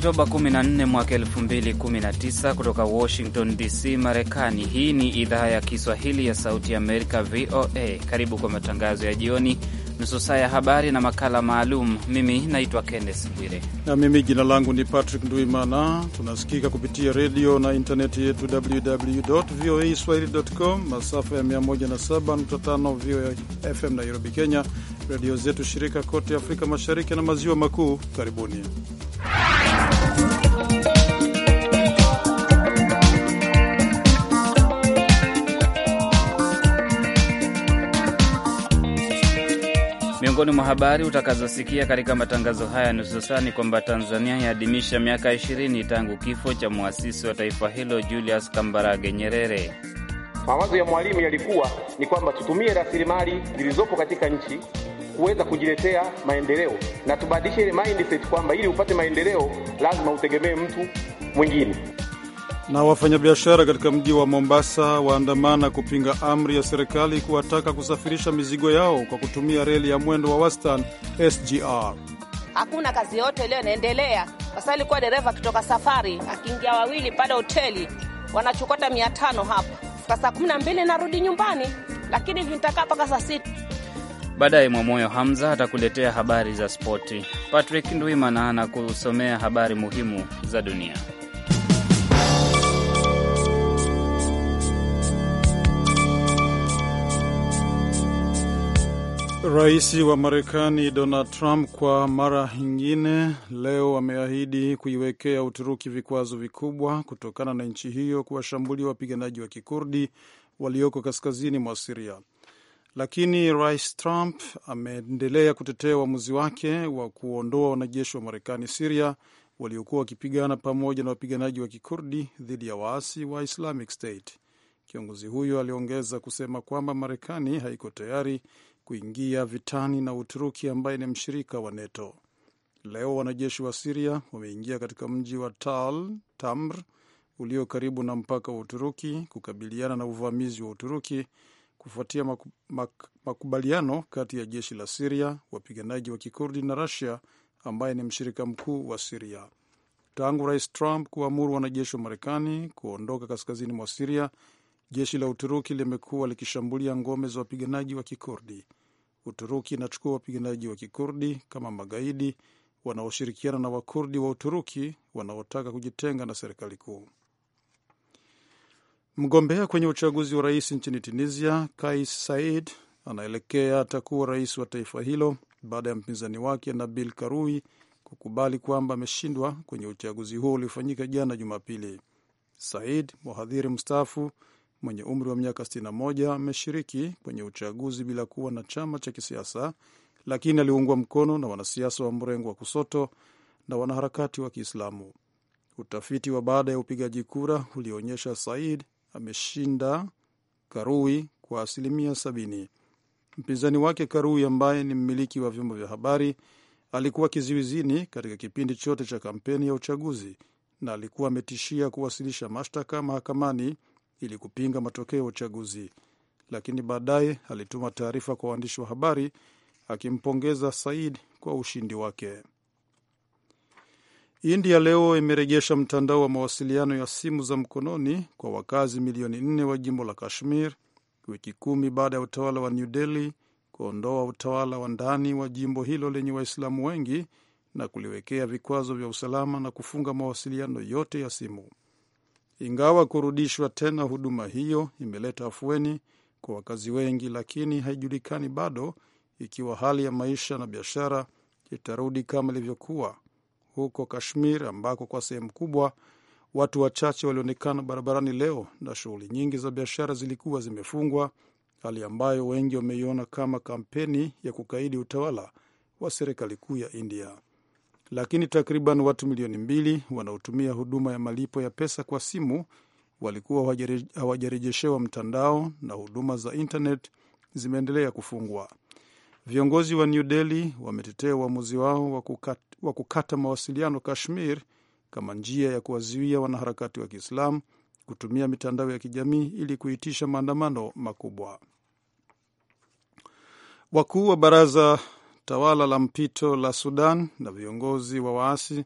Oktoba 14 mwaka 2019 kutoka Washington DC, Marekani. Hii ni idhaa ya Kiswahili ya Sauti ya Amerika, VOA. Karibu kwa matangazo ya jioni, nusu saa ya habari na makala maalum. Mimi naitwa Kenneth Bwire na mimi jina langu ni Patrick Nduimana. Tunasikika kupitia redio na intaneti yetu www voa swahili.com, masafa ya 107.5 VOA FM Nairobi, Kenya, redio zetu shirika kote Afrika Mashariki na Maziwa Makuu. Karibuni. Miongoni mwa habari utakazosikia katika matangazo haya nusu saa ni kwamba Tanzania yaadhimisha miaka 20 tangu kifo cha mwasisi wa taifa hilo Julius Kambarage Nyerere. Mawazo ya Mwalimu yalikuwa ni kwamba tutumie rasilimali zilizopo katika nchi kuweza kujiletea maendeleo na tubadilishe ile mindset kwamba ili upate maendeleo lazima utegemee mtu mwingine. Na wafanyabiashara katika mji wa Mombasa waandamana kupinga amri ya serikali kuwataka kusafirisha mizigo yao kwa kutumia reli ya mwendo wa wastani SGR. Hakuna kazi yote iliyo inaendelea kwa sababu ilikuwa dereva akitoka safari akiingia wawili pale hoteli wanachokota mia tano hapa fika saa kumi na mbili narudi nyumbani, lakini vintakaa mpaka saa sita. Baadaye Mwamoyo Hamza atakuletea habari za spoti. Patrick Ndwimana anakusomea habari muhimu za dunia. Rais wa Marekani Donald Trump kwa mara nyingine leo ameahidi kuiwekea Uturuki vikwazo vikubwa kutokana na nchi hiyo kuwashambulia wapiganaji wa kikurdi walioko kaskazini mwa Siria. Lakini Rais Trump ameendelea kutetea uamuzi wake wa kuondoa wanajeshi wa Marekani Siria waliokuwa wakipigana pamoja na wapiganaji wa kikurdi dhidi ya waasi wa Islamic State. Kiongozi huyo aliongeza kusema kwamba Marekani haiko tayari kuingia vitani na Uturuki ambaye ni mshirika wa NATO. Leo wanajeshi wa Siria wameingia katika mji wa Tal Tamr ulio karibu na mpaka wa Uturuki kukabiliana na uvamizi wa Uturuki kufuatia maku, mak, makubaliano kati ya jeshi la Siria, wapiganaji wa Kikurdi na Rusia ambaye ni mshirika mkuu wa Siria. Tangu Rais Trump kuamuru wanajeshi wa Marekani kuondoka kaskazini mwa Siria, jeshi la Uturuki limekuwa likishambulia ngome za wapiganaji wa Kikurdi. Uturuki inachukua wapiganaji wa kikurdi kama magaidi wanaoshirikiana na wakurdi wa Uturuki wanaotaka kujitenga na serikali kuu. Mgombea kwenye uchaguzi wa rais nchini Tunisia, Kais Said, anaelekea atakuwa rais wa taifa hilo baada ya mpinzani wake Nabil Karui kukubali kwamba ameshindwa kwenye uchaguzi huo uliofanyika jana Jumapili. Said, mhadhiri mstaafu mwenye umri wa miaka 61 ameshiriki kwenye uchaguzi bila kuwa na chama cha kisiasa, lakini aliungwa mkono na wanasiasa wa mrengo wa kusoto na wanaharakati wa Kiislamu. Utafiti wa baada ya upigaji kura ulionyesha Said ameshinda Karui kwa asilimia sb Mpinzani wake Karui ambaye ni mmiliki wa vyombo vya habari alikuwa kizuizini katika kipindi chote cha kampeni ya uchaguzi na alikuwa ametishia kuwasilisha mashtaka mahakamani ili kupinga matokeo ya uchaguzi, lakini baadaye alituma taarifa kwa waandishi wa habari akimpongeza Said kwa ushindi wake. India leo imerejesha mtandao wa mawasiliano ya simu za mkononi kwa wakazi milioni nne wa jimbo la Kashmir, wiki kumi baada ya utawala wa New Delhi kuondoa utawala wa ndani wa jimbo hilo lenye Waislamu wengi na kuliwekea vikwazo vya usalama na kufunga mawasiliano yote ya simu. Ingawa kurudishwa tena huduma hiyo imeleta afueni kwa wakazi wengi, lakini haijulikani bado ikiwa hali ya maisha na biashara itarudi kama ilivyokuwa huko Kashmir, ambako kwa sehemu kubwa watu wachache walionekana barabarani leo na shughuli nyingi za biashara zilikuwa zimefungwa, hali ambayo wengi wameiona kama kampeni ya kukaidi utawala wa serikali kuu ya India lakini takriban watu milioni mbili wanaotumia huduma ya malipo ya pesa kwa simu walikuwa hawajarejeshewa mtandao na huduma za internet zimeendelea kufungwa. Viongozi wa New Delhi wametetea uamuzi wao wa kukata, wa kukata mawasiliano Kashmir kama njia ya kuwazuia wanaharakati wa Kiislamu kutumia mitandao ya kijamii ili kuitisha maandamano makubwa. Wakuu wa baraza tawala la mpito la Sudan na viongozi wa waasi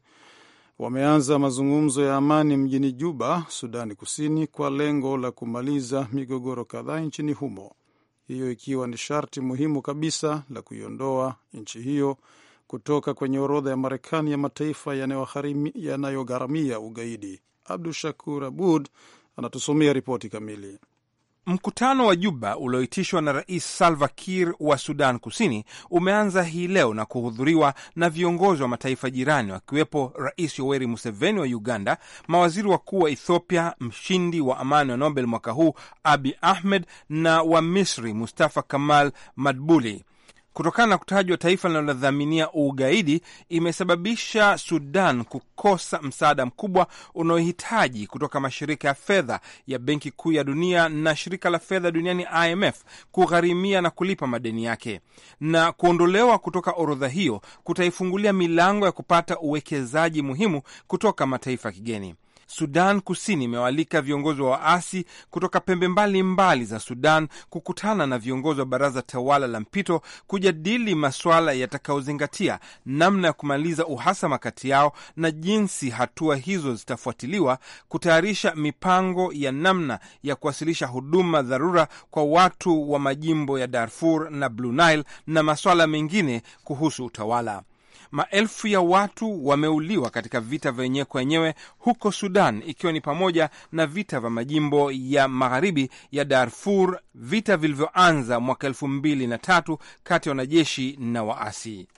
wameanza mazungumzo ya amani mjini Juba, Sudani Kusini, kwa lengo la kumaliza migogoro kadhaa nchini humo, hiyo ikiwa ni sharti muhimu kabisa la kuiondoa nchi hiyo kutoka kwenye orodha ya Marekani ya mataifa yanayogharamia ugaidi. Abdu Shakur Abud anatusomea ripoti kamili. Mkutano wa Juba ulioitishwa na Rais Salva Kiir wa Sudan Kusini umeanza hii leo na kuhudhuriwa na viongozi wa mataifa jirani wakiwepo Rais Yoweri Museveni wa Uganda, mawaziri wakuu wa Ethiopia, mshindi wa amani wa Nobel mwaka huu Abi Ahmed na wa Misri Mustafa Kamal Madbuli kutokana na kutajwa taifa linalodhaminia ugaidi imesababisha Sudan kukosa msaada mkubwa unaohitaji kutoka mashirika ya fedha ya Benki Kuu ya Dunia na shirika la fedha duniani IMF kugharimia na kulipa madeni yake, na kuondolewa kutoka orodha hiyo kutaifungulia milango ya kupata uwekezaji muhimu kutoka mataifa ya kigeni. Sudan Kusini imewaalika viongozi wa waasi kutoka pembe mbali mbali za Sudan kukutana na viongozi wa baraza tawala la mpito kujadili masuala yatakayozingatia namna ya kumaliza uhasama kati yao na jinsi hatua hizo zitafuatiliwa, kutayarisha mipango ya namna ya kuwasilisha huduma dharura kwa watu wa majimbo ya Darfur na Blue Nile na masuala mengine kuhusu utawala maelfu ya watu wameuliwa katika vita vya wenyewe kwa wenyewe huko Sudan, ikiwa ni pamoja na vita vya majimbo ya magharibi ya Darfur, vita vilivyoanza mwaka elfu mbili na tatu kati ya wanajeshi na waasi.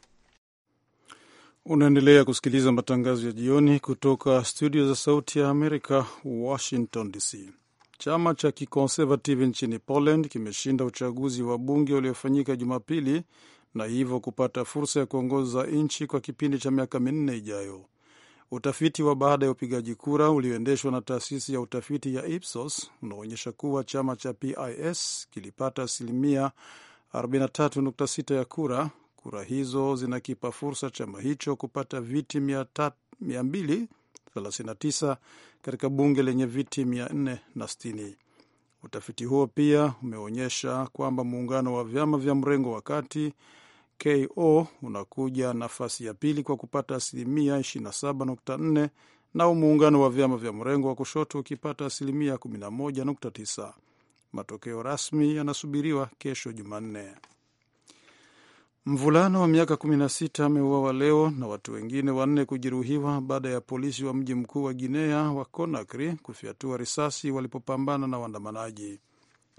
Unaendelea kusikiliza matangazo ya jioni kutoka studio za Sauti ya Amerika, Washington DC. Chama cha kikonservative nchini Poland kimeshinda uchaguzi wa bunge uliofanyika Jumapili na hivyo kupata fursa ya kuongoza nchi kwa kipindi cha miaka minne ijayo. Utafiti wa baada ya upigaji kura ulioendeshwa na taasisi ya utafiti ya Ipsos unaonyesha kuwa chama cha PIS kilipata asilimia 43.6 ya kura. Kura hizo zinakipa fursa chama hicho kupata viti 239 katika bunge lenye viti 460. Utafiti huo pia umeonyesha kwamba muungano wa vyama vya mrengo wa kati ko unakuja nafasi ya pili kwa kupata asilimia 27.4 nao muungano wa vyama vya mrengo wa kushoto ukipata asilimia 11.9. Matokeo rasmi yanasubiriwa kesho Jumanne. mvulano wa miaka 16 ameuawa leo na watu wengine wanne kujeruhiwa baada ya polisi wa mji mkuu wa Guinea wa Conakry kufyatua risasi walipopambana na waandamanaji.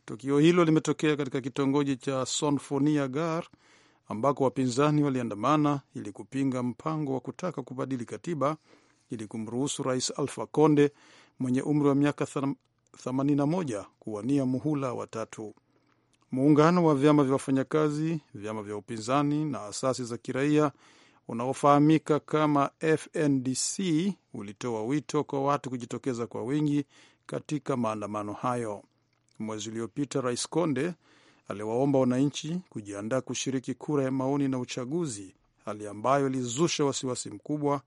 Tukio hilo limetokea katika kitongoji cha Sonfonia Gar ambako wapinzani waliandamana ili kupinga mpango wa kutaka kubadili katiba ili kumruhusu Rais Alfa Conde mwenye umri wa miaka 81 kuwania muhula wa tatu. Muungano wa vyama vya wafanyakazi, vyama vya upinzani na asasi za kiraia unaofahamika kama FNDC ulitoa wito kwa watu kujitokeza kwa wingi katika maandamano hayo. Mwezi uliopita, Rais Conde aliwaomba wananchi kujiandaa kushiriki kura ya maoni na uchaguzi, hali ambayo ilizusha wasiwasi mkubwa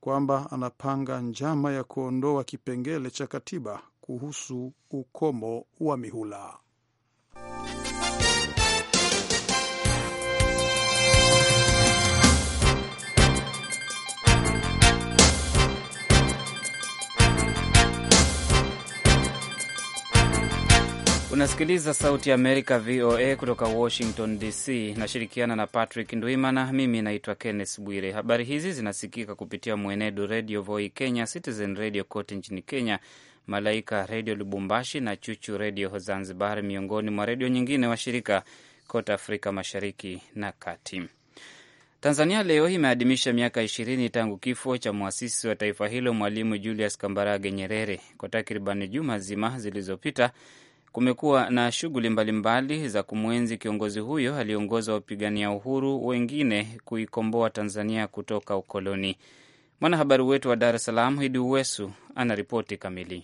kwamba anapanga njama ya kuondoa kipengele cha katiba kuhusu ukomo wa mihula. Unasikiliza Sauti ya Amerika, VOA, kutoka Washington DC. Nashirikiana na Patrick Ndwimana. Mimi naitwa Kenneth Bwire. Habari hizi zinasikika kupitia Mwenedu Redio Voi Kenya, Citizen Radio kote nchini Kenya, Malaika Redio Lubumbashi na Chuchu Redio Zanzibar, miongoni mwa redio nyingine washirika kote Afrika Mashariki na Kati. Tanzania leo imeadhimisha miaka ishirini tangu kifo cha mwasisi wa taifa hilo Mwalimu Julius Kambarage Nyerere. Kwa takribani juma zima zilizopita kumekuwa na shughuli mbalimbali za kumwenzi kiongozi huyo aliongoza wapigania uhuru wengine kuikomboa Tanzania kutoka ukoloni. Mwanahabari wetu wa Dar es Salaam, Hidi Uwesu, ana ripoti kamili.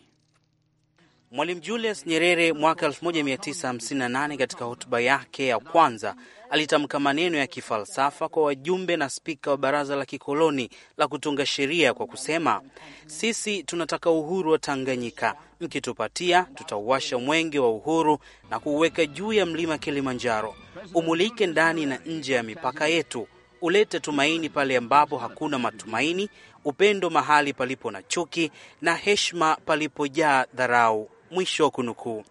Mwalimu Julius Nyerere mwaka 1958 katika hotuba yake ya kwanza alitamka maneno ya kifalsafa kwa wajumbe na spika wa baraza la kikoloni la kutunga sheria kwa kusema, sisi tunataka uhuru wa Tanganyika, mkitupatia tutauwasha mwenge wa uhuru na kuuweka juu ya mlima Kilimanjaro, umulike ndani na nje ya mipaka yetu, ulete tumaini pale ambapo hakuna matumaini, upendo mahali palipo na chuki, na heshima palipojaa dharau mwisho wa kunukuu.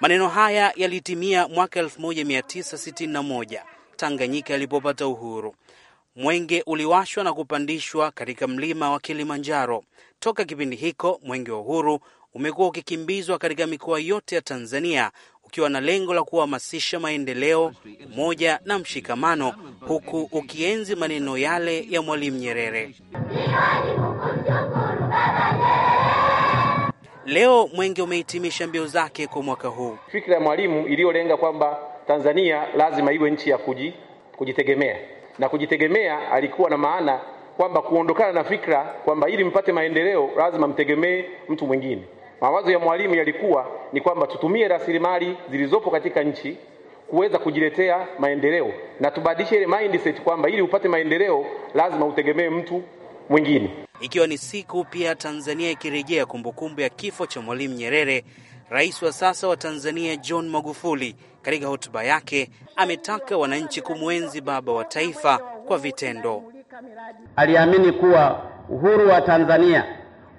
Maneno haya yalitimia mwaka 1961 Tanganyika ilipopata uhuru. Mwenge uliwashwa na kupandishwa katika mlima wa Kilimanjaro. Toka kipindi hiko, mwenge wa uhuru umekuwa ukikimbizwa katika mikoa yote ya Tanzania ukiwa na lengo la kuhamasisha maendeleo, umoja na mshikamano, huku ukienzi maneno yale ya Mwalimu Nyerere. Leo Mwenge umehitimisha mbio zake kwa mwaka huu. Fikira ya Mwalimu iliyolenga kwamba Tanzania lazima iwe nchi ya kuji, kujitegemea na kujitegemea alikuwa na maana kwamba kuondokana na fikra kwamba ili mpate maendeleo lazima mtegemee mtu mwingine. Mawazo ya Mwalimu yalikuwa ni kwamba tutumie rasilimali zilizopo katika nchi kuweza kujiletea maendeleo na tubadilishe ile mindset kwamba ili upate maendeleo lazima utegemee mtu mwingine. Ikiwa ni siku pia Tanzania ikirejea kumbukumbu ya kifo cha Mwalimu Nyerere, rais wa sasa wa Tanzania John Magufuli katika hotuba yake ametaka wananchi kumwenzi baba wa taifa kwa vitendo. Aliamini kuwa uhuru wa Tanzania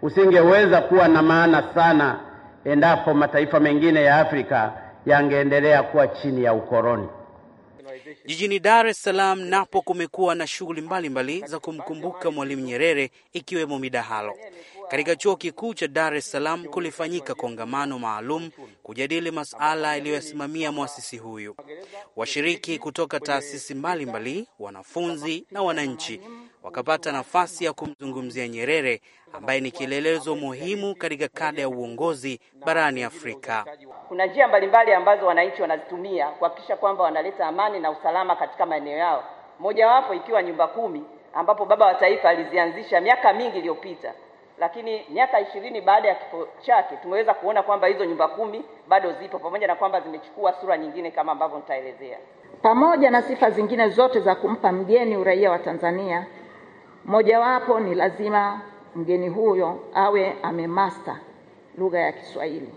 usingeweza kuwa na maana sana endapo mataifa mengine ya Afrika yangeendelea kuwa chini ya ukoloni. Jijini Dar es Salaam napo kumekuwa na shughuli mbalimbali za kumkumbuka Mwalimu Nyerere ikiwemo midahalo. Katika chuo kikuu cha Dar es Salaam kulifanyika kongamano maalum kujadili masuala yaliyoyasimamia mwasisi huyu. Washiriki kutoka taasisi mbalimbali, wanafunzi na wananchi wakapata nafasi ya kumzungumzia Nyerere ambaye ni kielelezo muhimu katika kada ya uongozi barani Afrika. Kuna njia mbalimbali ambazo wananchi wanazitumia kuhakikisha kwamba wanaleta amani na usalama katika maeneo yao, mojawapo ikiwa nyumba kumi ambapo baba wa taifa alizianzisha miaka mingi iliyopita, lakini miaka ishirini baada ya kifo chake tumeweza kuona kwamba hizo nyumba kumi bado zipo, pamoja na kwamba zimechukua sura nyingine kama ambavyo nitaelezea, pamoja na sifa zingine zote za kumpa mgeni uraia wa Tanzania. Mojawapo ni lazima mgeni huyo awe amemaster lugha ya Kiswahili.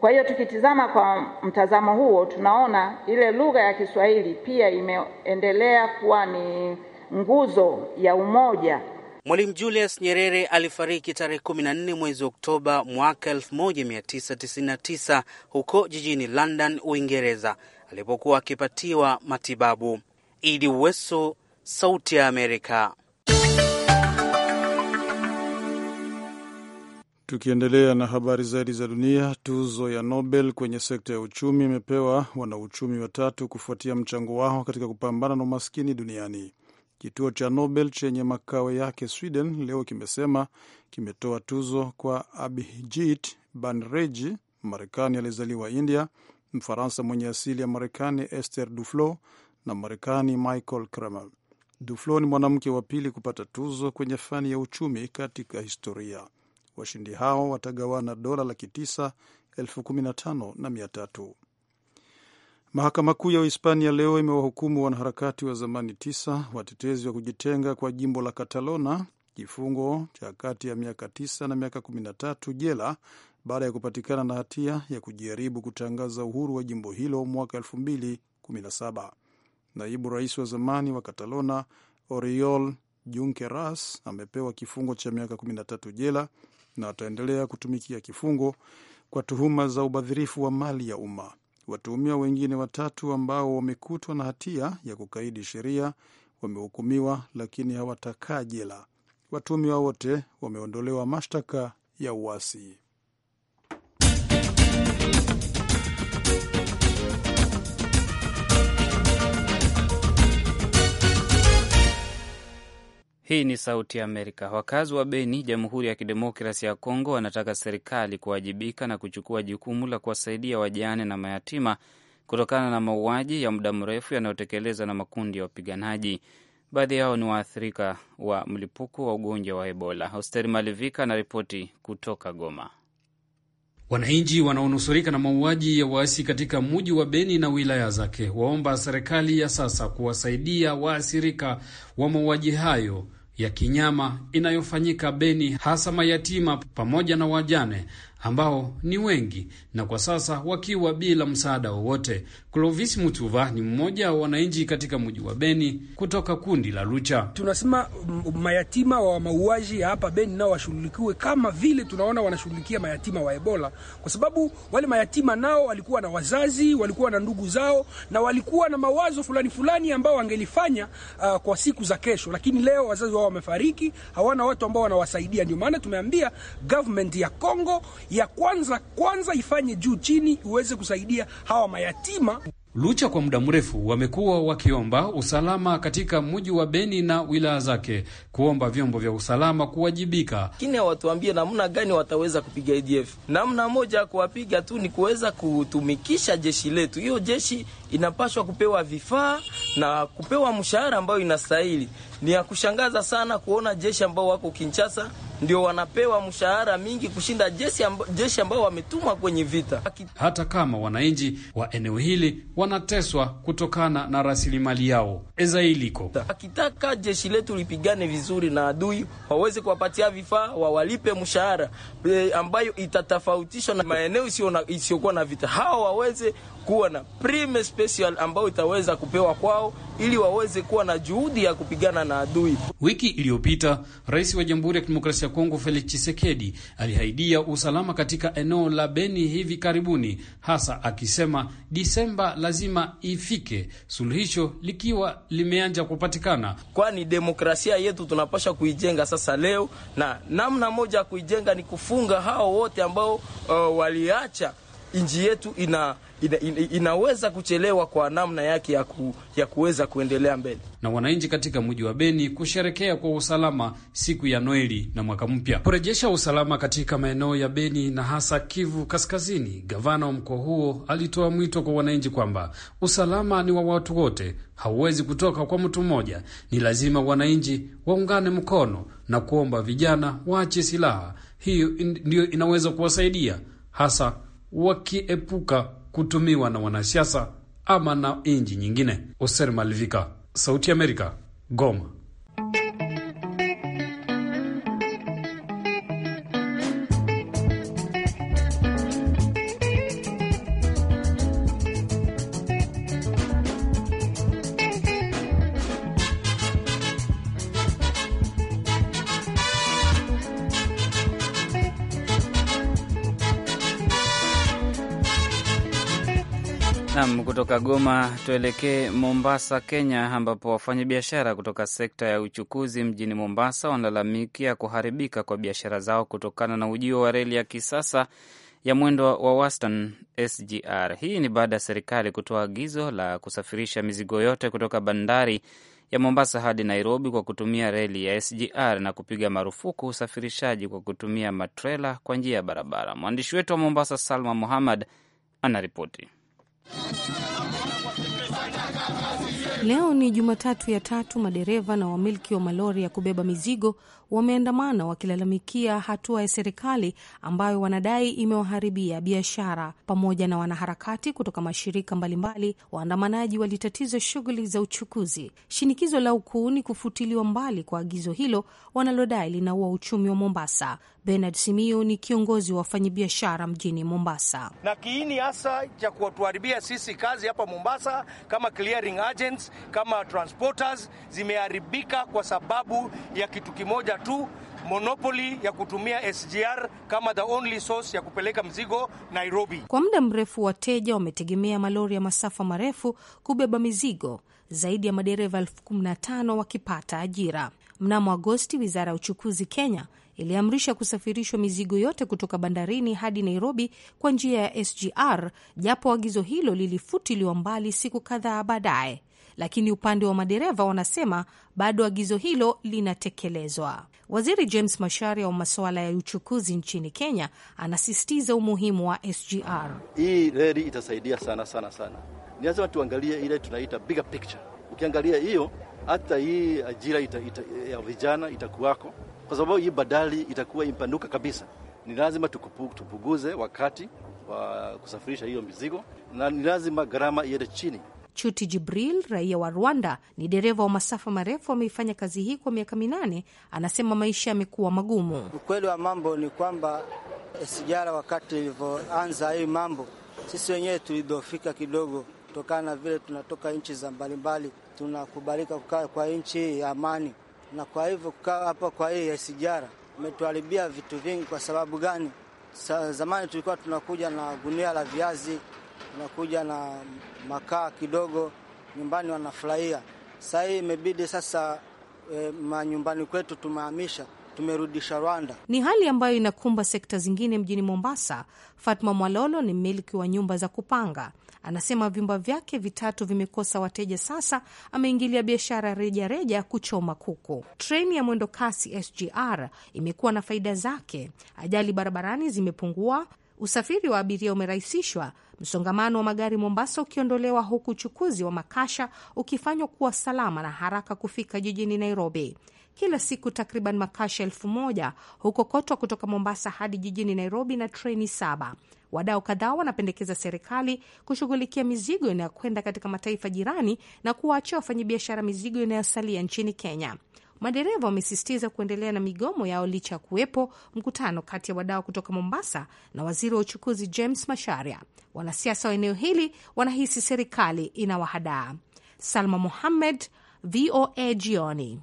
Kwa hiyo tukitizama kwa mtazamo huo, tunaona ile lugha ya Kiswahili pia imeendelea kuwa ni nguzo ya umoja. Mwalimu Julius Nyerere alifariki tarehe 14 mwezi Oktoba mwaka 1999 huko jijini London, Uingereza, alipokuwa akipatiwa matibabu. Idi Uweso, Sauti ya Amerika. Tukiendelea na habari zaidi za dunia, tuzo ya Nobel kwenye sekta ya uchumi imepewa wanauchumi watatu kufuatia mchango wao katika kupambana na umaskini duniani. Kituo cha Nobel chenye makao yake Sweden leo kimesema kimetoa tuzo kwa Abhijit Banerjee, Marekani aliyezaliwa India, Mfaransa mwenye asili ya Marekani Esther Duflo na Marekani Michael Kramer. Duflo ni mwanamke wa pili kupata tuzo kwenye fani ya uchumi katika historia. Washindi hao watagawana dola laki tisa elfu kumi na tano na mia tatu. Mahakama Kuu ya Uhispania leo imewahukumu wanaharakati wa zamani tisa watetezi wa kujitenga kwa jimbo la Katalona kifungo cha kati ya miaka tisa na miaka kumi na tatu jela baada ya kupatikana na hatia ya kujaribu kutangaza uhuru wa jimbo hilo mwaka elfu mbili kumi na saba. Naibu rais wa zamani wa Katalona Oriol Junqueras amepewa kifungo cha miaka 13 jela na ataendelea kutumikia kifungo kwa tuhuma za ubadhirifu wa mali ya umma. Watuhumiwa wengine watatu ambao wamekutwa na hatia ya kukaidi sheria wamehukumiwa, lakini hawatakaa jela. Watuhumiwa wote wameondolewa mashtaka ya uasi. Hii ni Sauti ya Amerika. Wakazi wa Beni, Jamhuri ya Kidemokrasi ya Kongo, wanataka serikali kuwajibika na kuchukua jukumu la kuwasaidia wajane na mayatima kutokana na mauaji ya muda mrefu yanayotekelezwa na makundi ya wapiganaji. Baadhi yao ni waathirika wa mlipuko wa ugonjwa wa Ebola. Hosteri Malivika anaripoti kutoka Goma. Wananchi wanaonusurika na mauaji ya waasi katika muji wa Beni na wilaya zake waomba serikali ya sasa kuwasaidia waathirika wa mauaji hayo ya kinyama inayofanyika Beni, hasa mayatima pamoja na wajane ambao ni wengi na kwa sasa wakiwa bila msaada wowote. Clovis Mutuva ni mmoja wa wananchi katika mji wa Beni kutoka kundi la Lucha. Tunasema mm, mayatima wa mauaji ya hapa Beni nao washughulikiwe kama vile tunaona wanashughulikia mayatima wa Ebola, kwa sababu wale mayatima nao walikuwa na wazazi, walikuwa na ndugu zao, na walikuwa na mawazo fulani fulani ambao wangelifanya uh, kwa siku za kesho, lakini leo wazazi wao wamefariki, hawana watu ambao wanawasaidia. Ndio maana tumeambia government ya Kongo ya kwanza kwanza ifanye juu chini, uweze kusaidia hawa mayatima. Lucha kwa muda mrefu wamekuwa wakiomba usalama katika mji wa Beni na wilaya zake, kuomba vyombo vya usalama kuwajibika, lakini watuambie namna gani wataweza kupiga ADF. Namna moja ya kuwapiga tu ni kuweza kutumikisha jeshi letu. Hiyo jeshi inapaswa kupewa vifaa na kupewa mshahara ambayo inastahili. Ni ya kushangaza sana kuona jeshi ambao wako Kinshasa ndio wanapewa mshahara mingi kushinda jeshi, amb jeshi ambao wametumwa kwenye vita. Hata kama wananchi wa eneo hili wanateswa kutokana na rasilimali yao iliko akitaka jeshi letu lipigane vizuri na adui, waweze kuwapatia vifaa, wawalipe mshahara eh, ambayo itatofautishwa na maeneo isiyokuwa na vita, hawa waweze kuwa na prime special ambayo itaweza kupewa kwao ili waweze kuwa na juhudi ya kupigana na adui. Wiki iliyopita rais wa Jamhuri ya Kidemokrasia ya Kongo Felix Tshisekedi alihaidia usalama katika eneo la Beni hivi karibuni, hasa akisema Disemba lazima ifike, suluhisho likiwa limeanza kupatikana, kwani demokrasia yetu tunapasha kuijenga sasa leo, na namna moja ya kuijenga ni kufunga hao wote ambao uh, waliacha nchi yetu ina ina, ina, inaweza kuchelewa kwa namna yake ya, ku, ya kuweza kuendelea mbele. Na wananchi katika mji wa Beni kusherekea kwa usalama siku ya Noeli na mwaka mpya, kurejesha usalama katika maeneo ya Beni na hasa Kivu Kaskazini. Gavana wa mkoa huo alitoa mwito kwa wananchi kwamba usalama ni wa watu wote, hauwezi kutoka kwa mtu mmoja. Ni lazima wananchi waungane mkono na kuomba vijana waache silaha, hiyo ndiyo inaweza kuwasaidia hasa wakiepuka kutumiwa na wanasiasa ama na nchi nyingine. Oser Malivika, Sauti america Amerika, Goma. Nam, kutoka Goma tuelekee Mombasa, Kenya, ambapo wafanyabiashara kutoka sekta ya uchukuzi mjini Mombasa wanalalamikia kuharibika kwa biashara zao kutokana na ujio wa reli ya kisasa ya mwendo wa waston SGR. Hii ni baada ya serikali kutoa agizo la kusafirisha mizigo yote kutoka bandari ya Mombasa hadi Nairobi kwa kutumia reli ya SGR na kupiga marufuku usafirishaji kwa kutumia matrela kwa njia ya barabara. Mwandishi wetu wa Mombasa, Salma Muhammad, anaripoti. Leo ni Jumatatu ya tatu, madereva na wamiliki wa malori ya kubeba mizigo wameandamana wakilalamikia hatua ya serikali ambayo wanadai imewaharibia biashara. Pamoja na wanaharakati kutoka mashirika mbalimbali, waandamanaji walitatiza shughuli za uchukuzi. Shinikizo la ukuu ni kufutiliwa mbali kwa agizo hilo wanalodai linaua uchumi wa Mombasa. Bernard Simio ni kiongozi wa wafanyabiashara mjini Mombasa. na kiini hasa cha kuwatuharibia sisi kazi hapa Mombasa kama clearing agents, kama transporters zimeharibika kwa sababu ya kitu kimoja tu, monopoli ya kutumia SGR kama the only source ya kupeleka mzigo Nairobi. Kwa muda mrefu, wateja wametegemea malori ya masafa marefu kubeba mizigo, zaidi ya madereva elfu kumi na tano wakipata ajira. Mnamo Agosti, wizara ya uchukuzi Kenya iliamrisha kusafirishwa mizigo yote kutoka bandarini hadi Nairobi kwa njia ya SGR, japo agizo hilo lilifutiliwa mbali siku kadhaa baadaye lakini upande wa madereva wanasema bado agizo hilo linatekelezwa. Waziri James Macharia wa masuala ya uchukuzi nchini Kenya anasisitiza umuhimu wa SGR. Hii reli itasaidia sana sana sana, ni lazima tuangalie ile tunaita bigger picture. Ukiangalia hiyo, hata hii ajira ita, ita, ya vijana itakuwako, kwa sababu hii badali itakuwa impanduka kabisa. Ni lazima tupunguze wakati wa kusafirisha hiyo mizigo na ni lazima gharama iende chini. Chuti Jibril, raia wa Rwanda, ni dereva wa masafa marefu, ameifanya kazi hii kwa miaka minane. Anasema maisha yamekuwa magumu. Ukweli wa mambo ni kwamba eh, sijara, wakati ilivyoanza hii mambo, sisi wenyewe tulidhofika kidogo, kutokana na vile tunatoka nchi za mbalimbali, tunakubalika kukaa kwa nchi ya amani, na kwa hivyo kukaa hapa kwa hii ya sijara umetuharibia vitu vingi. Kwa sababu gani? Sa, zamani tulikuwa tunakuja na gunia la viazi unakuja na makaa kidogo nyumbani, wanafurahia. Sasa hii imebidi sasa e, manyumbani kwetu tumehamisha tumerudisha Rwanda. Ni hali ambayo inakumba sekta zingine mjini Mombasa. Fatma Mwalolo ni mmiliki wa nyumba za kupanga, anasema vyumba vyake vitatu vimekosa wateja. Sasa ameingilia biashara rejareja, kuchoma kuku. Treni ya mwendo kasi SGR imekuwa na faida zake, ajali barabarani zimepungua usafiri wa abiria umerahisishwa, msongamano wa magari Mombasa ukiondolewa, huku uchukuzi wa makasha ukifanywa kuwa salama na haraka kufika jijini Nairobi. Kila siku takriban makasha elfu moja hukokotwa kutoka Mombasa hadi jijini Nairobi na treni saba. Wadau kadhaa wanapendekeza serikali kushughulikia mizigo inayokwenda katika mataifa jirani na kuwaachia wafanyabiashara mizigo inayosalia nchini Kenya. Madereva wamesisitiza kuendelea na migomo yao licha ya kuwepo mkutano kati ya wadau kutoka Mombasa na waziri wa uchukuzi James Masharia. Wanasiasa wa eneo hili wanahisi serikali inawahadaa. Salma Mohammed, VOA jioni.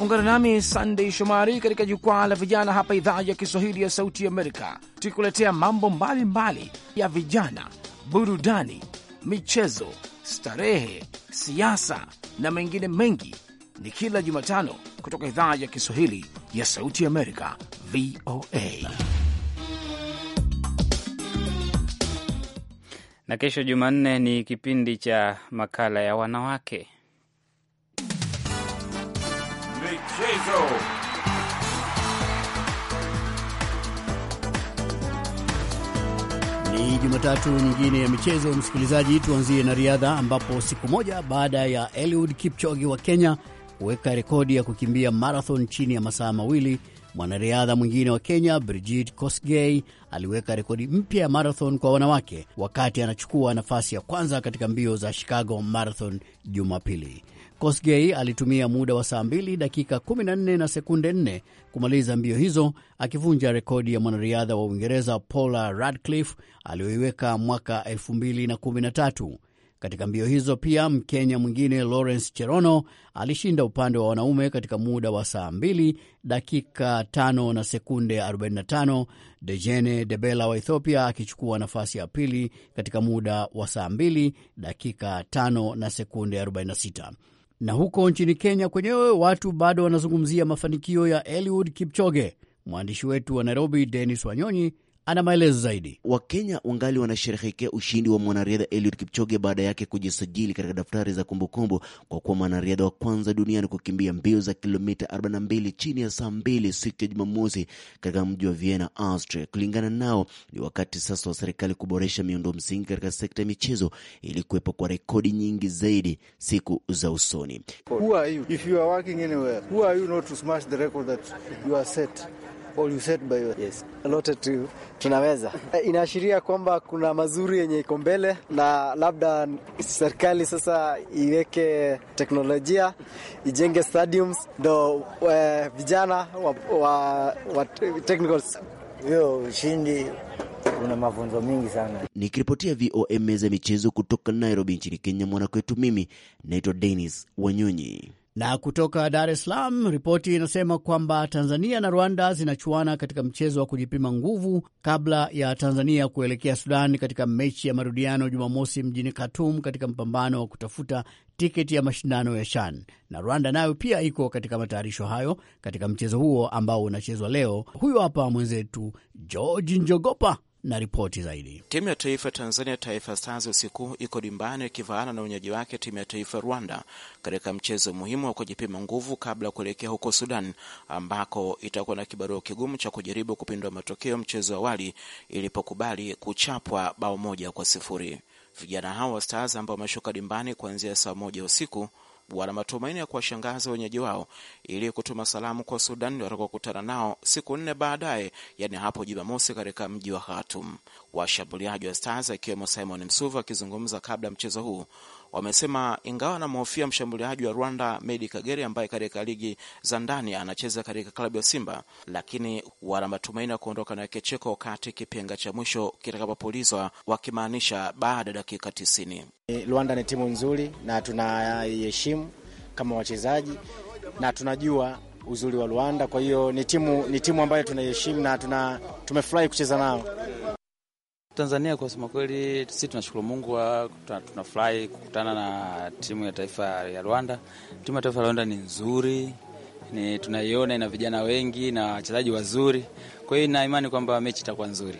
Ungana nami Sandey Shomari katika jukwaa la vijana hapa idhaa ya Kiswahili ya Sauti Amerika, tukikuletea mambo mbalimbali mbali ya vijana burudani, michezo, starehe, siasa na mengine mengi, ni kila Jumatano kutoka idhaa ya Kiswahili ya Sauti Amerika, VOA. Na kesho Jumanne ni kipindi cha makala ya wanawake michezo Ni Jumatatu nyingine ya michezo, msikilizaji. Tuanzie na riadha, ambapo siku moja baada ya Eliud Kipchoge wa Kenya kuweka rekodi ya kukimbia marathon chini ya masaa mawili, mwanariadha mwingine wa Kenya Brigid Kosgei aliweka rekodi mpya ya marathon kwa wanawake wakati anachukua nafasi ya kwanza katika mbio za Chicago Marathon Jumapili. Kosgei alitumia muda wa saa 2 dakika 14 na sekunde 4 kumaliza mbio hizo akivunja rekodi ya mwanariadha wa Uingereza Paula Radcliffe aliyoiweka mwaka 2013. Katika mbio hizo pia Mkenya mwingine Lawrence Cherono alishinda upande wa wanaume katika muda wa saa 2 dakika 5 na sekunde 45, Dejene Debela wa Ethiopia akichukua nafasi ya pili katika muda wa saa 2 dakika 5 na sekunde 46. Na huko nchini Kenya kwenyewe watu bado wanazungumzia mafanikio ya Eliud Kipchoge. Mwandishi wetu wa Nairobi, Denis Wanyonyi, ana maelezo zaidi. Wakenya wangali wanasherehekea ushindi wa mwanariadha Eliud Kipchoge baada yake kujisajili katika daftari za kumbukumbu -kumbu, kwa kuwa mwanariadha wa kwanza duniani kukimbia mbio za kilomita 42 chini ya saa mbili siku ya Jumamosi katika mji wa Vienna, Austria. Kulingana nao, ni wakati sasa wa serikali kuboresha miundo msingi katika sekta ya michezo ili kuwepo kwa rekodi nyingi zaidi siku za usoni. Yes. Tunaweza, eh, inaashiria kwamba kuna mazuri yenye iko mbele, na labda serikali sasa iweke teknolojia, ijenge stadiums ndo eh, vijana wa, wa, wa technicals. Hiyo ushindi una mafunzo mingi sana. Nikiripotia VOA meza michezo kutoka Nairobi nchini Kenya, mwanakwetu, mimi naitwa denis Wanyonyi. Na kutoka Dar es Salaam, ripoti inasema kwamba Tanzania na Rwanda zinachuana katika mchezo wa kujipima nguvu kabla ya Tanzania kuelekea Sudan katika mechi ya marudiano Jumamosi mjini Khartoum, katika mpambano wa kutafuta tiketi ya mashindano ya CHAN. Na Rwanda nayo pia iko katika matayarisho hayo katika mchezo huo ambao unachezwa leo. Huyo hapa mwenzetu George Njogopa na ripoti zaidi. Timu ya taifa Tanzania, Taifa Stars, usiku iko dimbani ikivaana na wenyeji wake timu ya taifa Rwanda katika mchezo muhimu wa kujipima nguvu kabla ya kuelekea huko Sudan, ambako itakuwa na kibarua kigumu cha kujaribu kupindua matokeo mchezo awali ilipokubali kuchapwa bao moja kwa sifuri. Vijana hao wa Stars ambao wameshuka dimbani kuanzia saa moja usiku wana matumaini ya kuwashangaza wenyeji wao ili kutuma salamu kwa Sudan watakaokutana nao siku nne baadaye, yani hapo Jumamosi katika mji wa Khartoum. Washambuliaji wa Stars akiwemo Simon Msuva akizungumza kabla ya mchezo huu wamesema ingawa anamhofia mshambuliaji wa Rwanda Medi Kagere ambaye katika ligi za ndani anacheza katika klabu ya Simba, lakini wana matumaini ya kuondoka na kicheko wakati kipenga cha mwisho kitakapopulizwa, wakimaanisha baada ya dakika tisini. Eh, Rwanda ni timu nzuri na tunaiheshimu kama wachezaji na tunajua uzuri wa Rwanda. Kwa hiyo ni timu ni timu ambayo tunaiheshimu na tuna, tumefurahi kucheza nao. Tanzania kwa kusema kweli, si tunashukuru Mungu, tunafurahi kukutana na timu ya taifa ya Rwanda. Timu ya taifa ya Rwanda ni nzuri, ni tunaiona ina vijana wengi na wachezaji wazuri, kwa hiyo nina imani kwamba mechi itakuwa nzuri.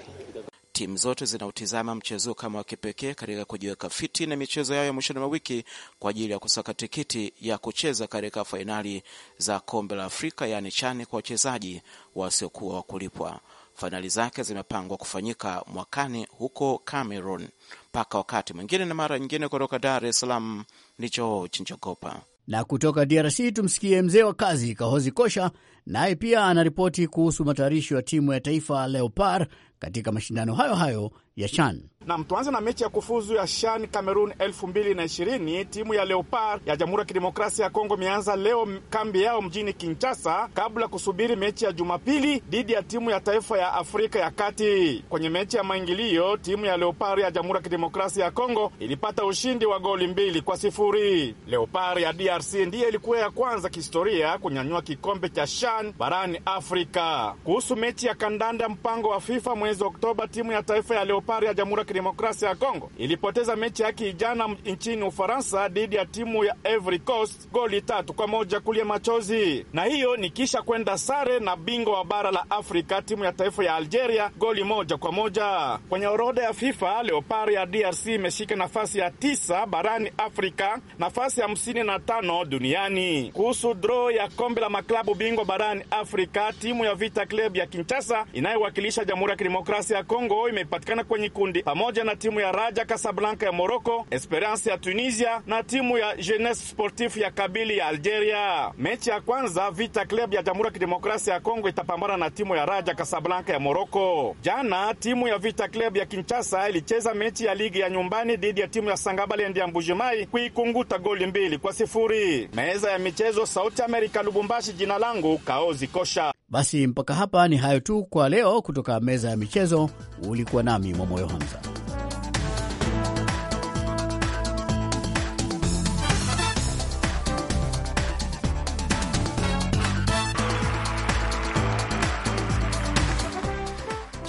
Timu zote zinautizama mchezo kama wa kipekee katika kujiweka fiti na michezo yao ya mwishoni mwa wiki kwa ajili ya kusaka tikiti ya kucheza katika fainali za kombe la Afrika, yaani chani, kwa wachezaji wasiokuwa wa kulipwa. Fainali zake zimepangwa kufanyika mwakani huko Cameroon. Mpaka wakati mwingine na mara nyingine, kutoka Dar es Salaam ni Chinjogopa na kutoka DRC tumsikie mzee wa kazi Kahozi Kosha naye pia anaripoti kuhusu matayarisho ya timu ya taifa Leopard katika mashindano hayo hayo ya shan Nam, tuanze na mechi ya kufuzu ya shan Cameroon 2020. Timu ya Leopard ya Jamhuri ya Kidemokrasia ya Kongo imeanza leo kambi yao mjini Kinshasa kabla kusubiri mechi ya Jumapili dhidi ya timu ya taifa ya Afrika ya Kati. Kwenye mechi ya maingilio, timu ya Leopard ya Jamhuri ya Kidemokrasia ya Kongo ilipata ushindi wa goli mbili kwa sifuri. Leopard ya DRC ndiye ilikuwa ya kwanza kihistoria kunyanyua kikombe cha CHAN Sudan barani Afrika. Kuhusu mechi ya kandanda mpango wa FIFA mwezi Oktoba, timu ya taifa ya Leopard ya Jamhuri ya Kidemokrasia ya Kongo ilipoteza mechi yake jana nchini Ufaransa dhidi ya timu ya Ivory Coast goli tatu kwa moja kulia machozi, na hiyo ni kisha kwenda sare na bingwa wa bara la Afrika timu ya taifa ya Algeria goli moja kwa moja. Kwenye orodha ya FIFA, Leopard ya DRC imeshika nafasi ya tisa barani Afrika, nafasi ya hamsini na tano duniani. Kuhusu draw ya kombe la maklabu bingwa barani Afrika, timu ya Vita Club ya Kinshasa inayowakilisha Jamhuri ya Kidemokrasia ya Kongo imepatikana kwenye kundi pamoja na timu ya Raja Casablanca ya Morocco, Esperance ya Tunisia na timu ya Jeunesse Sportif ya Kabili ya Algeria. Mechi ya kwanza Vita Club ya Jamhuri ya Kidemokrasia ya Kongo itapambana na timu ya Raja Casablanca ya Morocco. Jana timu ya Vita Club ya Kinshasa ilicheza mechi ya ligi ya nyumbani dhidi ya timu ya Sangabalendi ya Mbujimai kuikunguta goli mbili kwa sifuri. Meza ya michezo Sauti Amerika, Lubumbashi. Jina langu Kaozi Kosha. Basi mpaka hapa ni hayo tu kwa leo, kutoka meza ya michezo. Ulikuwa nami Mwamoyo Hamza.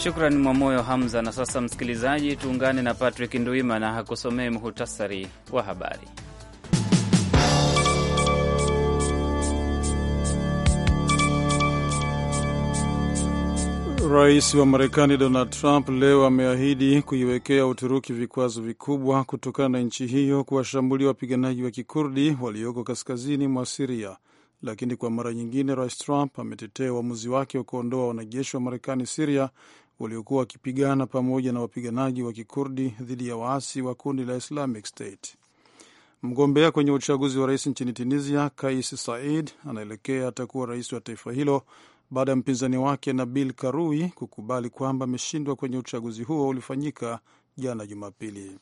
Shukrani Mwamoyo Hamza. Na sasa, msikilizaji, tuungane na Patrick Nduimana hakusomee muhutasari wa habari. Rais wa Marekani Donald Trump leo ameahidi kuiwekea Uturuki vikwazo vikubwa kutokana na nchi hiyo kuwashambulia wapiganaji wa kikurdi walioko kaskazini mwa Siria. Lakini kwa mara nyingine, Rais Trump ametetea uamuzi wake wa kuondoa wanajeshi wa Marekani Siria waliokuwa wakipigana pamoja na wapiganaji wa kikurdi dhidi ya waasi wa kundi la Islamic State. Mgombea kwenye uchaguzi wa rais nchini Tunisia, Kais said anaelekea atakuwa rais wa taifa hilo baada ya mpinzani wake Nabil Karui kukubali kwamba ameshindwa kwenye uchaguzi huo ulifanyika jana Jumapili.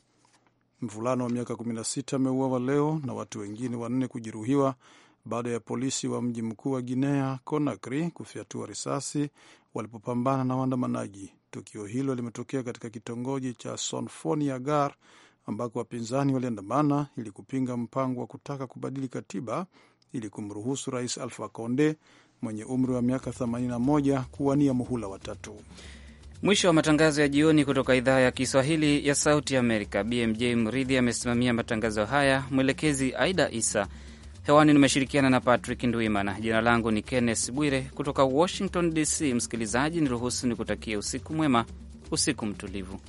Mvulana wa miaka 16 ameuawa leo na watu wengine wanne kujeruhiwa baada ya polisi wa mji mkuu wa Guinea Conakry kufyatua risasi walipopambana na waandamanaji. Tukio hilo limetokea katika kitongoji cha Sonfonia Gar ambako wapinzani waliandamana ili kupinga mpango wa kutaka kubadili katiba ili kumruhusu rais Alfa Conde mwenye umri wa miaka 81 kuwania muhula watatu. Mwisho wa matangazo ya jioni kutoka idhaa ya Kiswahili ya Sauti Amerika. BMJ Mridhi amesimamia matangazo haya, mwelekezi Aida Isa. Hewani nimeshirikiana na Patrick Ndwimana. Jina langu ni Kenneth Bwire kutoka Washington DC. Msikilizaji, niruhusu nikutakie usiku mwema, usiku mtulivu.